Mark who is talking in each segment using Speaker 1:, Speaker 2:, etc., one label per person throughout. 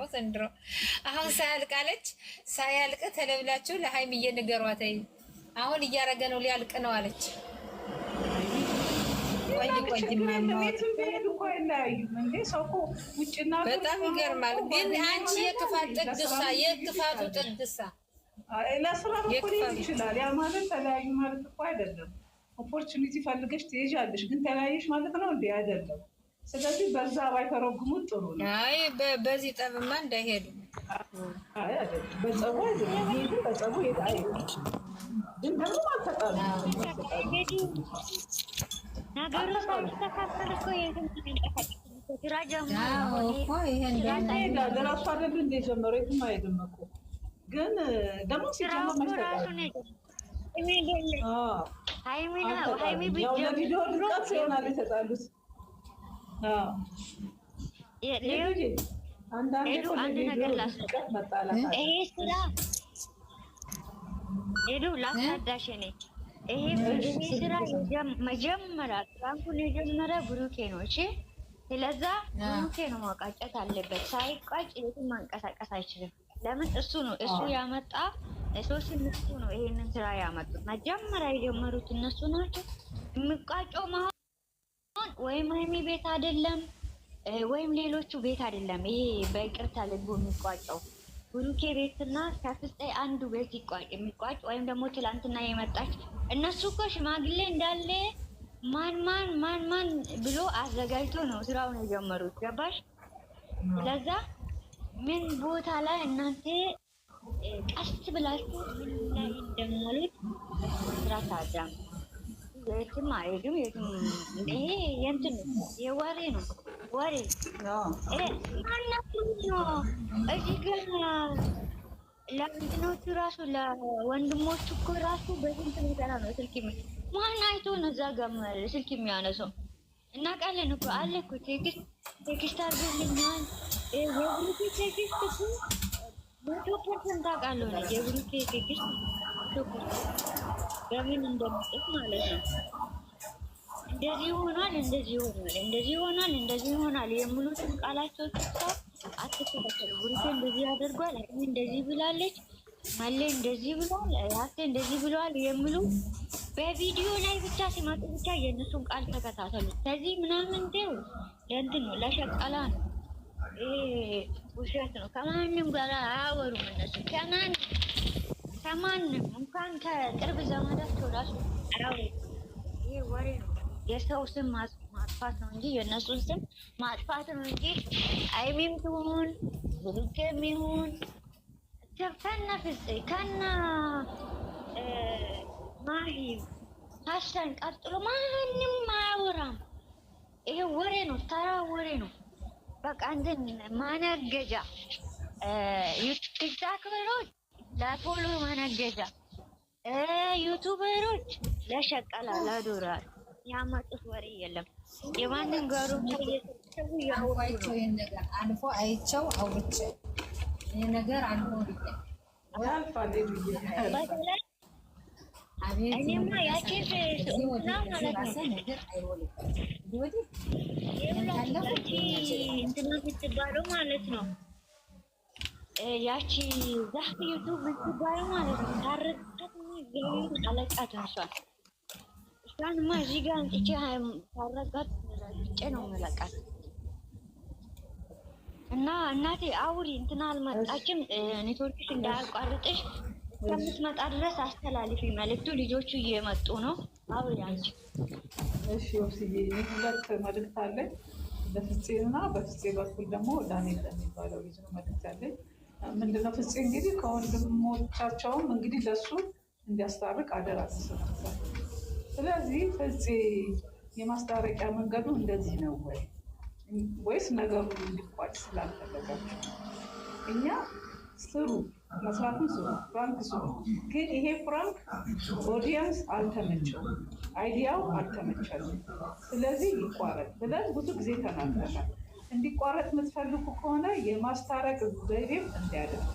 Speaker 1: ነው ዘንድሮ። አሁን ሳያልቃለች ሳያልቅ ተለብላችሁ ለሀይም ንገሯት። አሁን እያረገ ነው ሊያልቅ ነው አለች። በጣም ይገርማል። ግን አንቺ የክፋት ጥግሳ የክፋቱ ጥግሳ
Speaker 2: ለስራ መኮንን ይችላል። ያ ማለት ተለያዩ ማለት እኮ አይደለም። ኦፖርቹኒቲ ፈልገሽ ትሄጃለሽ፣ ግን ተለያየሽ ማለት ነው እንዴ? አይደለም ስለዚህ በዛ ባይተረጉሙ ጥሩ
Speaker 1: ነው። አይ በዚህ ጠብማ እንዳይሄዱ
Speaker 2: በጸቡ ሄዱ በጸቡ ግን ደግሞ አልተጣሉ
Speaker 1: ነገሩ ሳይስተካከል እኮ ግራ ጀምሮ
Speaker 2: ራሱ አደል እንደ ጀመረ የትም አይሄድም ይሆናል የተጣሉት አንድ
Speaker 1: ነገር ይሄ ስራ ሄዱ ላስረዳሽ። እኔ ይሄ ስራ መጀመሪያ ፍራንኩን የጀመረ ብሩኬ ነው። እሺ፣ ስለዛ ብሩኬ ነው መቋጨት አለበት። ሳይቋጭ የትም ማንቀሳቀስ አይችልም። ለምን እሱ ነው እሱ ያመጣ ሶስት እነሱ ነው ይሄንን ስራ ያመጡት። መጀመሪያ የጀመሩት እነሱ ናቸው የሚቋጨው ወይም ሀይሚ ቤት አይደለም ወይም ሌሎቹ ቤት አይደለም። ይሄ በይቅርታ ልቡ የሚቋጨው ብሩኬ ቤትና ከፍስጤ አንዱ ቤት ይቋጭ የሚቋጭ ወይም ደግሞ ትላንትና የመጣች እነሱ እኮ ሽማግሌ እንዳለ ማን ማን ማን ማን ብሎ አዘጋጅቶ ነው ስራውን የጀመሩት። ገባሽ? ስለዛ ምን ቦታ ላይ እናንተ ቀስ ብላችሁ ምን ላይ እንደሞሉት ስራ ታዳም የትም አይሄድም የትም። ይሄ የእንትን የወሬ ነው ወሬ እዚህ ግን ለምንድኖቹ ራሱ ለወንድሞቹ እኮ ራሱ በስንት ሚጠራ ነው ስልክ ማን አይቶ ነው እዛ ጋር ስልክ የሚያነሰው? እናውቃለን እኮ አለ እኮ ቴክስት ቴክስት አድርጎልኛል። የብሩኬ ቴክስት እኮ መቶ ፐርሰንት አውቃለሁ የብሩኬ ቴክስት ለምን እንደምጽፍ ማለት ነው። እንደዚህ ይሆናል፣ እንደዚህ ይሆናል፣ እንደዚህ ይሆናል፣ እንደዚህ ይሆናል የሚሉትን ቃላቸው ሰው አትከታተሉ። ብሩኬ እንደዚህ ያደርጓል፣ እኔ እንደዚህ ብላለች፣ ማሌ እንደዚህ ብሏል፣ ያሴ እንደዚህ ብለዋል የሚሉ በቪዲዮ ላይ ብቻ ሲመጡ ብቻ የእነሱን ቃል ተከታተሉ። ከዚህ ምናምን ደው ለእንትን ነው ለሸቀላ ነው፣ ውሸት ነው። ከማንም ጋር አያወሩም እነሱ ከማ ከማንም እንኳን ከቅርብ ዘመዳቸው ራሱ ራው ይህ ወሬ ነው። የሰው ስም ማጥፋት ነው እንጂ የእነሱን ስም ማጥፋት ነው እንጂ አይሚም ትሆን ብሩኬም ይሁን ከነ ፍጽ ከነ ማሂም ሀሽታን ቀጥሎ ማንም አያወራም። ይሄ ወሬ ነው፣ ተራ ወሬ ነው። በቃ እንትን ማነገጃ ይዛ ክበሮች ለፖሎ መነገጃ ዩቱበሮች ለሸቀላ ለዶላር ያመጡት ወሬ የለም። የማንን ጋሩ
Speaker 2: አልፎ አይቸው አውርቼ ነገር አልፎ
Speaker 1: እኔማ ያቺ ማለት ነው ማለት ነው Eh, ያቺ ዛፍ ዩቱብ ትባይ ማለት ነው። ታረቀት ታረቃትና ገቢ ታሷል። እሷን እሷንማ እዚህ ጋር አምጥቼ ታረቀት ጭ ነው መለቃት እና እናቴ አውሪ እንትና አልመጣችም። ኔትወርክሽ እንዳያቋርጥሽ ከምትመጣ ድረስ አስተላልፊ መልዕክቱ። ልጆቹ እየመጡ ነው። አውሪ አንቺ። እሺ ወስዬ ሁለት መልዕክት አለኝ በፍፄ እና በፍፄ በኩል ደግሞ ዳንኤል የሚባለው ልጅ ነው መልዕክት አለኝ ምንድነው ፍፄ እንግዲህ ከወንድሞቻቸውም እንግዲህ ለሱ እንዲያስታርቅ አደራ ተሰጥቷል። ስለዚህ ፍፄ የማስታረቂያ መንገዱ እንደዚህ ነው ወይ ወይስ ነገሩ እንዲቋጭ ስላልፈለጋችሁ እኛ ስሩ መስራቱን ስሩ፣ ፍራንክ ስሩ። ግን ይሄ ፍራንክ ኦዲየንስ አልተመቸው፣ አይዲያው አልተመቸል፣ ስለዚህ ይቋረጥ ብለን ብዙ ጊዜ ተናግረናል። እንዲቋረጥ የምትፈልጉ ከሆነ የማስታረቅ ዘይቤም እንዲያደርግ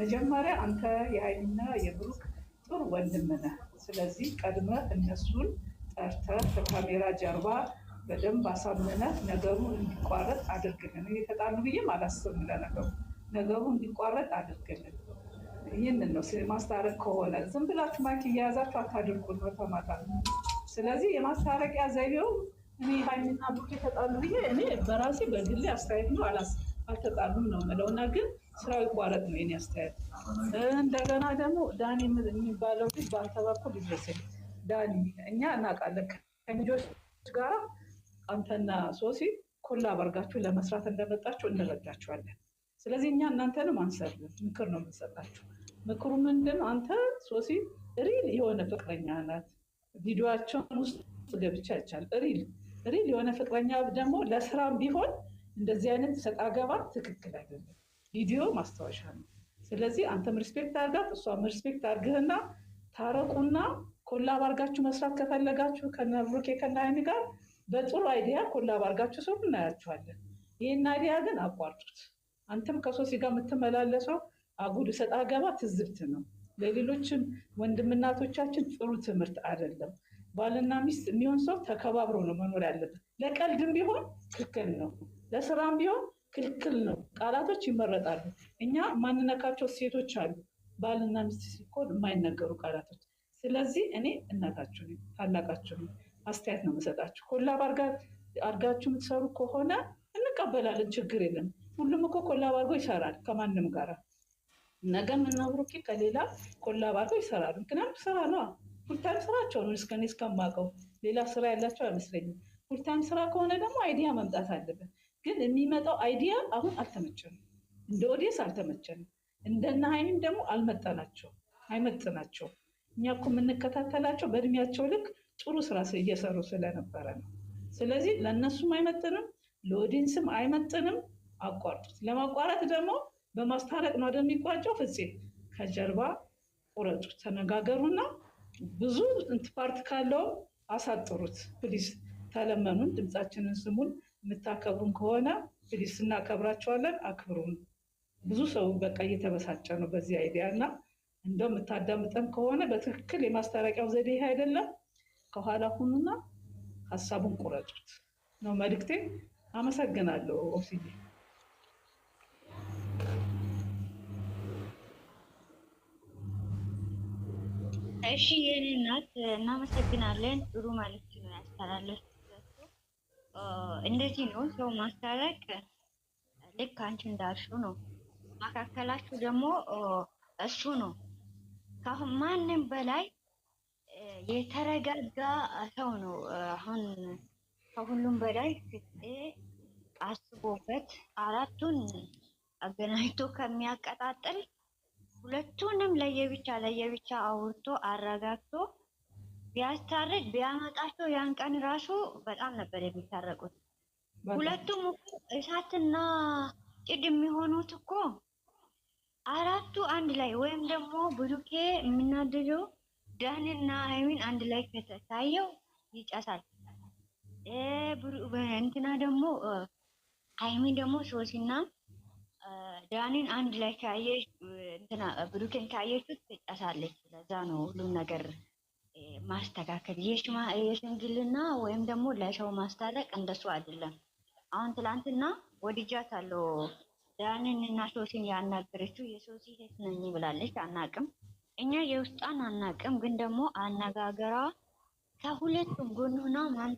Speaker 1: መጀመሪያ አንተ የሀይልና የብሩክ ጥሩ ወንድም ነህ። ስለዚህ ቀድመ እነሱን ጠርተህ ከካሜራ ጀርባ በደንብ አሳምነህ ነገሩ እንዲቋረጥ አድርግልን። የተጣሉ ብዬም አላስብም። ለነገሩ ነገሩ እንዲቋረጥ አድርግልን። ይህንን ነው ማስታረቅ ከሆነ ዝም ብላችሁ ማይክ እየያዛችሁ አታድርጉ ነው ተማታ። ስለዚህ የማስታረቂያ ዘይቤው እኔ ሀይሚና ብሩኬ ተጣሉ ብዬ እኔ በራሴ በግሌ አስተያየት ነው አልተጣሉም ነው የምለው እና ግን ስራው ይቋረጥ ነው የኔ አስተያየት። እንደገና ደግሞ ዳኒ የሚባለው ልጅ በአንተባኮ ሊመስል ዳኒ እኛ እናውቃለን ከልጆች ጋር አንተና ሶሲ ኮላ በርጋችሁ ለመስራት እንደመጣችሁ እንረዳችኋለን። ስለዚህ እኛ እናንተንም አንሰርብም፣ ምክር ነው የምንሰጣችሁ። ምክሩ ምንድን አንተ ሶሲ ሪል የሆነ ፍቅረኛ ናት። ቪዲዮቸውን ውስጥ ገብቻ ይቻል ሪል ሪል የሆነ ፍቅረኛ ደግሞ ለስራም ቢሆን እንደዚህ አይነት ሰጣ ገባ ትክክል አይደለም። ቪዲዮ ማስታወሻ ነው። ስለዚህ አንተም ሪስፔክት አርጋት፣ እሷም ሪስፔክት አርግህና ታረቁና ኮላብ አርጋችሁ መስራት ከፈለጋችሁ ከነ ብሩኬ ጋር በጥሩ አይዲያ ኮላብ አርጋችሁ ስሩ፣ እናያችኋለን። ይህን አይዲያ ግን አቋርጡት። አንተም ከሶሲ ጋር የምትመላለሰው አጉል ሰጣ ገባ ትዝብት ነው። ለሌሎችም ወንድምናቶቻችን ጥሩ ትምህርት አይደለም። ባልና ሚስት የሚሆን ሰው ተከባብሮ ነው መኖር ያለበት። ለቀልድም ቢሆን ክልክል ነው፣ ለስራም ቢሆን ክልክል ነው። ቃላቶች ይመረጣሉ። እኛ ማንነካቸው ሴቶች አሉ፣ ባልና ሚስት ሲኮን የማይነገሩ ቃላቶች። ስለዚህ እኔ እናታችሁ ነኝ፣ ታላቃችሁ ነኝ። አስተያየት ነው የምሰጣችሁ። ኮላብ አድርጋችሁ የምትሰሩ ከሆነ እንቀበላለን፣ ችግር የለም። ሁሉም እኮ ኮላብ አድርጎ ይሰራል ከማንም ጋራ ነገ የምናብሩኪ ከሌላ ኮላብ አድርጎ ይሰራሉ። ምክንያቱም ስራ ነው። ፉልታይም ስራቸው ነው። እስከኔ እስከማውቀው ሌላ ስራ ያላቸው አይመስለኝም። ፉልታይም ስራ ከሆነ ደግሞ አይዲያ መምጣት አለበት። ግን የሚመጣው አይዲያ አሁን አልተመቸንም፣ እንደ ኦዲየንስ አልተመቸንም። እንደና ሀይሚም ደግሞ አልመጠናቸው አይመጥናቸው። እኛ እኮ የምንከታተላቸው በእድሜያቸው ልክ ጥሩ ስራ እየሰሩ ስለነበረ ነው። ስለዚህ ለእነሱም አይመጥንም፣ ለኦዲየንስም አይመጥንም። አቋርጡት። ለማቋረጥ ደግሞ በማስታረቅ ነው የሚቋጨው። ፍፄ ከጀርባ ቁረጡ፣ ተነጋገሩና ብዙ ፓርት ካለው አሳጥሩት ፕሊስ፣ ተለመኑን፣ ድምፃችንን ስሙን። የምታከብሩን ከሆነ ፕሊስ፣ እናከብራቸዋለን፣ አክብሩን። ብዙ ሰው በቃ እየተበሳጨ ነው በዚህ አይዲያ እና እንደው የምታዳምጠን ከሆነ በትክክል የማስታረቂያው ዘዴ ይሄ አይደለም፣ ከኋላ ሁኑና ሀሳቡን ቁረጡት ነው መልክቴ። አመሰግናለሁ ኦስዬ። እሺ የኔ እናት እናመሰግናለን። ጥሩ ማለት ነው ያስተላለፉት። እንደዚህ ነው ሰው ማስታረቅ። ልክ አንቺ እንዳልሽው ነው። መካከላችሁ ደግሞ እሱ ነው ማንም በላይ የተረጋጋ ሰው ነው። አሁን ከሁሉም በላይ ፍጤ አስቦበት አራቱን አገናኝቶ ከሚያቀጣጥል ሁለቱንም ለየብቻ ለየብቻ አውርቶ አረጋግቶ ቢያስታርቅ ቢያመጣቸው ያን ቀን ራሱ በጣም ነበር የሚታረቁት። ሁለቱም እሳትና ጭድ የሚሆኑት እኮ አራቱ አንድ ላይ ወይም ደግሞ ብሩኬ የምናደደው ዳንና ሀይሚን አንድ ላይ ከታየው ይጨሳል። እንትና ደግሞ ሀይሚን ደግሞ ሶሲና ዳኒን አንድ ላይ ካየሽ እንትና ብሩኬን ካየችሁት ትጨሳለች። ለዛ ነው ሁሉም ነገር ማስተካከል የሽምግልና ወይም ደግሞ ለሰው ማስታረቅ እንደሱ አይደለም። አሁን ትላንትና ወድጃታለሁ ዳኒን እና ሶሲን ያናገረችው የሶሲ ሴት ነኝ ብላለች። አናቅም እኛ የውስጣን አናቅም፣ ግን ደግሞ አነጋገሯ ከሁለቱም ጎን ሆና ማን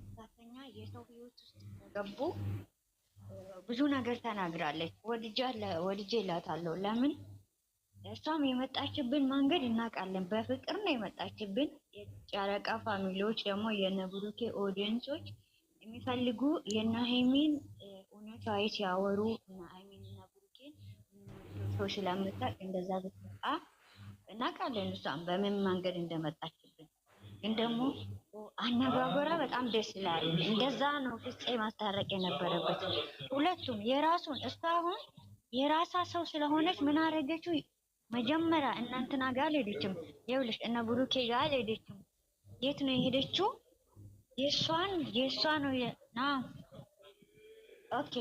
Speaker 1: የሰው ህይወት ውስጥ ገቡ ብዙ ነገር ተናግራለች። ወድጄ እላታለሁ። ለምን እሷም የመጣችብን መንገድ እናውቃለን። በፍቅር ነው የመጣችብን። የጨረቃ ፋሚሊዎች ደግሞ የነብሩኬ ኦዲየንሶች የሚፈልጉ የነ ሀይሚን ሲያወሩ እና እና ብሩኬን ሰው ስለምታቅ እንደዛ ብትመጣ እናውቃለን። እሷም በምን መንገድ እንደመጣችብን ግን ደግሞ አነጋገሯ በጣም ደስ ይላል። እንደዛ ነው ፍፄ ማስታረቅ የነበረበት ሁለቱም የራሱን እሷ አሁን የራሳ ሰው ስለሆነች ምን አደረገችው? መጀመሪያ እናንትና ጋር አልሄደችም። ይኸውልሽ እነ ብሩኬ ጋር አልሄደችም። የት ነው የሄደችው? የእሷን የእሷ ነው ና ኦኬ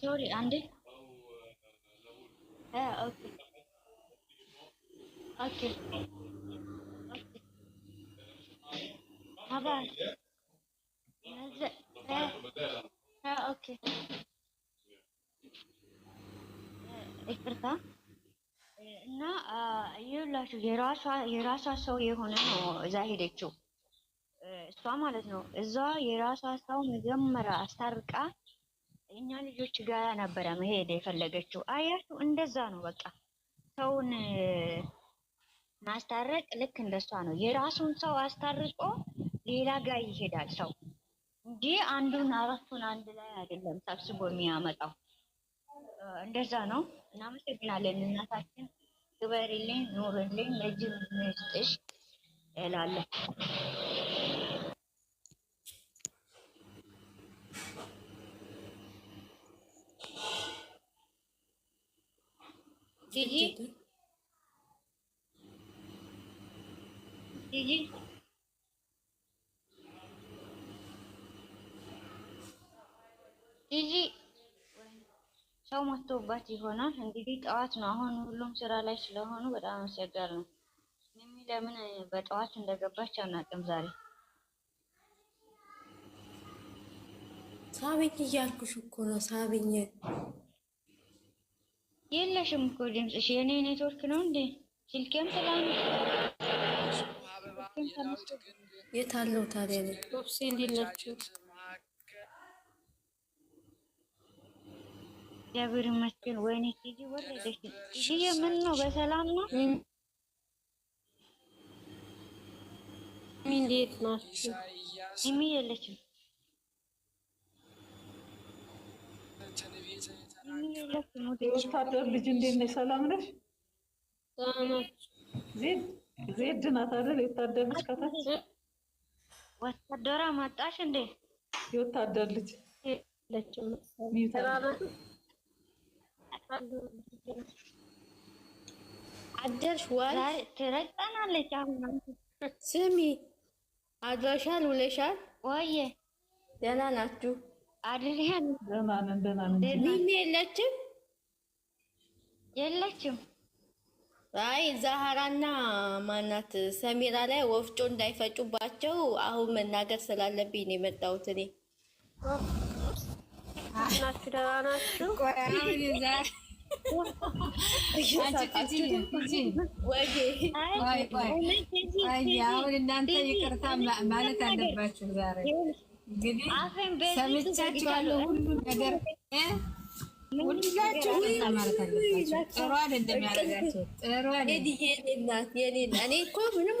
Speaker 1: ሶሪ አንዴ ኦኬ ኦኬ Haber. ይቅርታ እና ይኸውላችሁ የራሷ የራሷ ሰው የሆነ ነው እዛ ሄደችው እሷ ማለት ነው። እዛ የራሷ ሰው መጀመሪያ አስታርቃ እኛ ልጆች ጋር ነበረ መሄድ የፈለገችው። አያችሁ እንደዛ ነው። በቃ ሰውን ማስታረቅ ልክ እንደሷ ነው። የራሱን ሰው አስታርቆ ሌላ ጋር ይሄዳል ሰው እንጂ አንዱን አራቱን አንድ ላይ አይደለም ሰብስቦ የሚያመጣው። እንደዛ ነው። እናመሰግናለን። እናታችን ክበሪልኝ፣ ኑርልኝ፣ ለጅም ምስጥሽ እላለሁ። ጂጂ ጂጂ ጂጂ ሰው መጥቶባት ይሆናል እንግዲህ ጠዋት ነው። አሁን ሁሉም ስራ ላይ ስለሆኑ በጣም አስቸጋሪ ነው። ሚሚ ለምን በጠዋት እንደገባች አናውቅም። ዛሬ ሳቢኝ እያልኩሽ እኮ ነው። ሳቢኝ የለሽም እኮ ድምፅሽ። የኔ ኔትወርክ ነው እንዴ? ስልኬም ትላል የታለው አለው ታዲያ ነው ሴ እንዲላችሁት እግዚአብሔር ይመስገን። ወይኔ ቲጂ ወለደሽ። ቲጂዬ ምን ነው በሰላም ነው? እንዴት ናችሁ? ሚሚ የለችም። ወታደር ልጅ እንዴት ነሽ? ሰላም ነሽ? ዜድ ዜድ ናት አይደል? የወታደር ልጅ ከታች ወታደራ መጣሽ እንዴ? የወታደር ልጅ ለችም አደርሽ ወይ ትረግጠናለች። አሁን ስሚ አድረሻል ውለሻል ወይ? ደህና ናችሁ? አድሬያል። በማመን በማመን ቢኒ የለችም የለችም። አይ ዛህራና ማናት ሰሚራ ላይ ወፍጮ እንዳይፈጩባቸው አሁን መናገር ስላለብኝ ነው የመጣሁት እኔ አሁን እናንተ ይቅርታ ማለት አለባችሁ። ዛሬ እንግዲህ ሰምቻችኋለሁ ሁሉን ነገር ጥሩ አይደለም ያደረጋችሁት። ጥሩ እኔ እኮ ምንም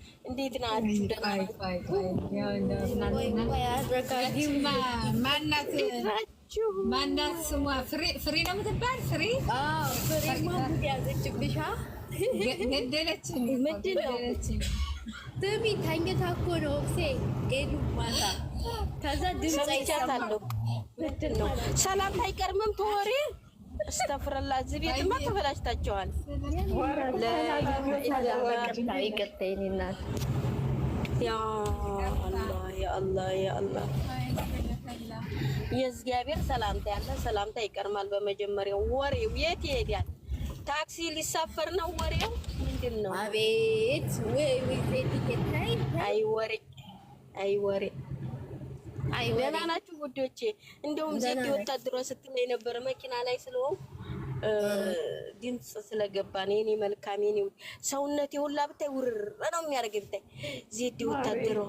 Speaker 1: እንዴት ናችሁ? ማናት ስሟ? ፍሬ ነው የምትባል ፍሬ ያዘችብሻ ገደለችኝ። ምንድን ነው ስሚ፣ ተኝታ እኮ ነው ሴ ሄዱ ማታ ከዛ ድምፅ አይቻታለሁ። ምንድን ነው ሰላምታ አይቀርምም ተወሬ እስተፍረላ እዚህ ቤትማ ተበላሽታችኋል። ይቅርታይናል የእግዚአብሔር ሰላምታ ያለ ሰላምታ ይቀርማል። በመጀመሪያው ወሬው የት ይሄዳል? ታክሲ ሊሳፈር ነው ወሬው ምንድን ነው? አቤት አይ ወሬ አይ ወሬ አይ ደህና ናችሁ ውዶቼ? እንደውም ዜድ ወታደሯ ስትለኝ ነበር መኪና ላይ ስለሆን ድምፅ ስለገባ ነው። የኔ መልካም የኔ ሰውነቴ ሁላ ብታይ ውርር ነው የሚያደርግ ብታይ ዜድ ወታደሯ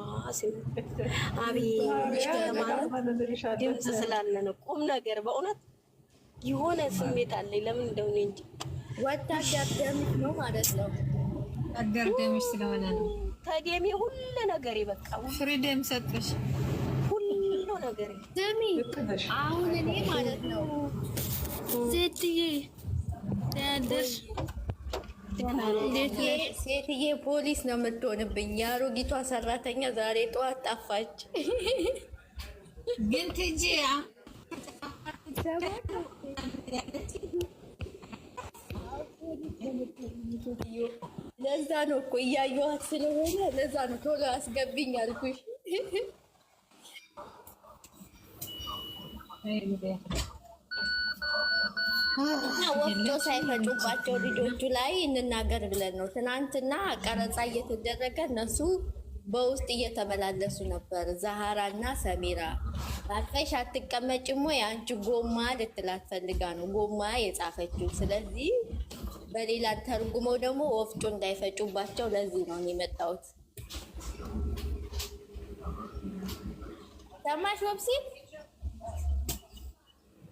Speaker 1: ድምፅ ስላለ ነው። ቁም ነገር በእውነት የሆነ ስሜት አለኝ። ለምን እንደሆነ እንጂ ወታደር ደምሽ ነው ማለት ነው። ወታደር ደምሽ ስለሆነ ነው። ተደሜ ሁሉ ነገር ይበቃ ፍሪደም ሰጥሽ ስሚ፣ አሁን እኔ ማለት ነው ሴትዬ ደርሽ ሴትዬ ፖሊስ ነው የምትሆንብኝ። የአሮጊቷ ሰራተኛ ዛሬ ጠዋት ጠፋች። ግን ትጂ ለዛ ነው እኮ እያየኋት ስለሆነ ለዛ ነው ቶሎ አስገብኝ አልኩሽ። ወፍጮ ሳይፈጩባቸው ልጆቹ ላይ እንናገር ብለን ነው። ትናንትና ቀረጻ እየተደረገ እነሱ በውስጥ እየተመላለሱ ነበር። ዛሃራ እና ሰሜራ አቅፈሽ አትቀመጭም ወይ ጎማ ልትላት ፈልጋ ነው ጎማ የጻፈችው። ስለዚህ በሌላ ተርጉመው ደግሞ ወፍጮ እንዳይፈጩባቸው ለዚህ ነው የመጣሁት። ሰማሽ ወብሲት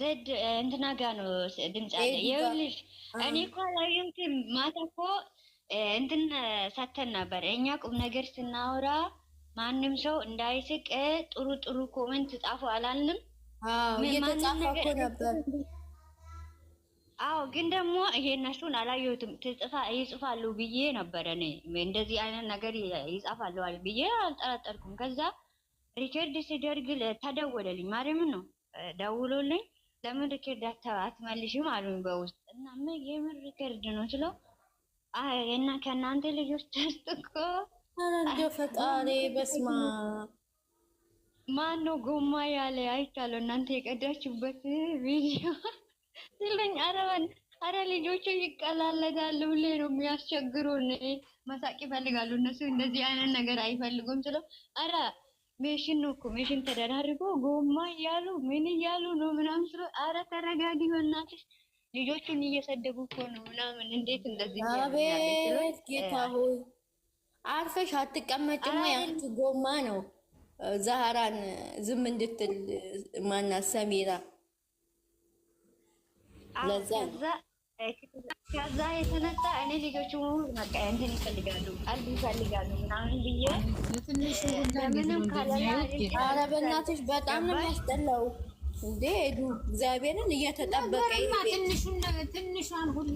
Speaker 1: ዘድ እንትና ጋ ነው ድምፅ አለ። ይኸውልሽ እኔ እኮ አላየሁትም። ማታ እኮ እንትን ሰተን ነበር። እኛ ቁም ነገር ስናወራ ማንም ሰው እንዳይስቅ ጥሩ ጥሩ ኮመንት ጻፉ አላልንም? እየተጻፈ እኮ ነበር አዎ ግን ደግሞ ይሄ እነሱን አላየሁትም። ትጽፋ ይጽፋሉ ብዬ ነበረ እኔ እንደዚህ አይነት ነገር ይጻፋሉ አለ ብዬ አልጠረጠርኩም። ከዛ ሪከርድ ሲደርግ ተደወለልኝ። ማርያምን ነው ደውሎልኝ፣ ለምን ሪከርድ አትመልሽም አሉኝ በውስጥ እና ምን የምን ሪከርድ ነው ስለው እና ከእናንተ ልጆች ውስጥ እኮ እንዲያው ፈጣሪ በስማ ማን ነው ጎማ ያለ አይቻለሁ እናንተ የቀዳችሁበት ቪዲዮ ስለኝ አረበን አረ ልጆቹ ይቀላለዳሉ። ሁሌ ነው የሚያስቸግሩን። መሳቅ ይፈልጋሉ እነሱ እንደዚህ አይነት ነገር አይፈልጉም ስለ አረ ሜሽን ነው እኮ ሜሽን ተደራርጎ ጎማ እያሉ ምን እያሉ ነው ምናምን ስለ አረ ተረጋጊ እናትሽ ልጆቹን እየሰደቡ እኮ ነው ምናምን እንዴት እንደዚህ አቤት ጌታ ሆይ አርፈሽ አትቀመጭም። ያንቺ ጎማ ነው ዛህራን ዝም እንድትል ማናት ሰሚራ ከዛ የተነሳ እኔ ልጆቹ በቃ እንትን ይፈልጋሉ ይፈልጋሉ ምናምን ብዬ ለምንም በጣም ነው የሚያስጠላው። እንዴ እግዚአብሔርን እየተጠበቀ ትንሿን ሁላ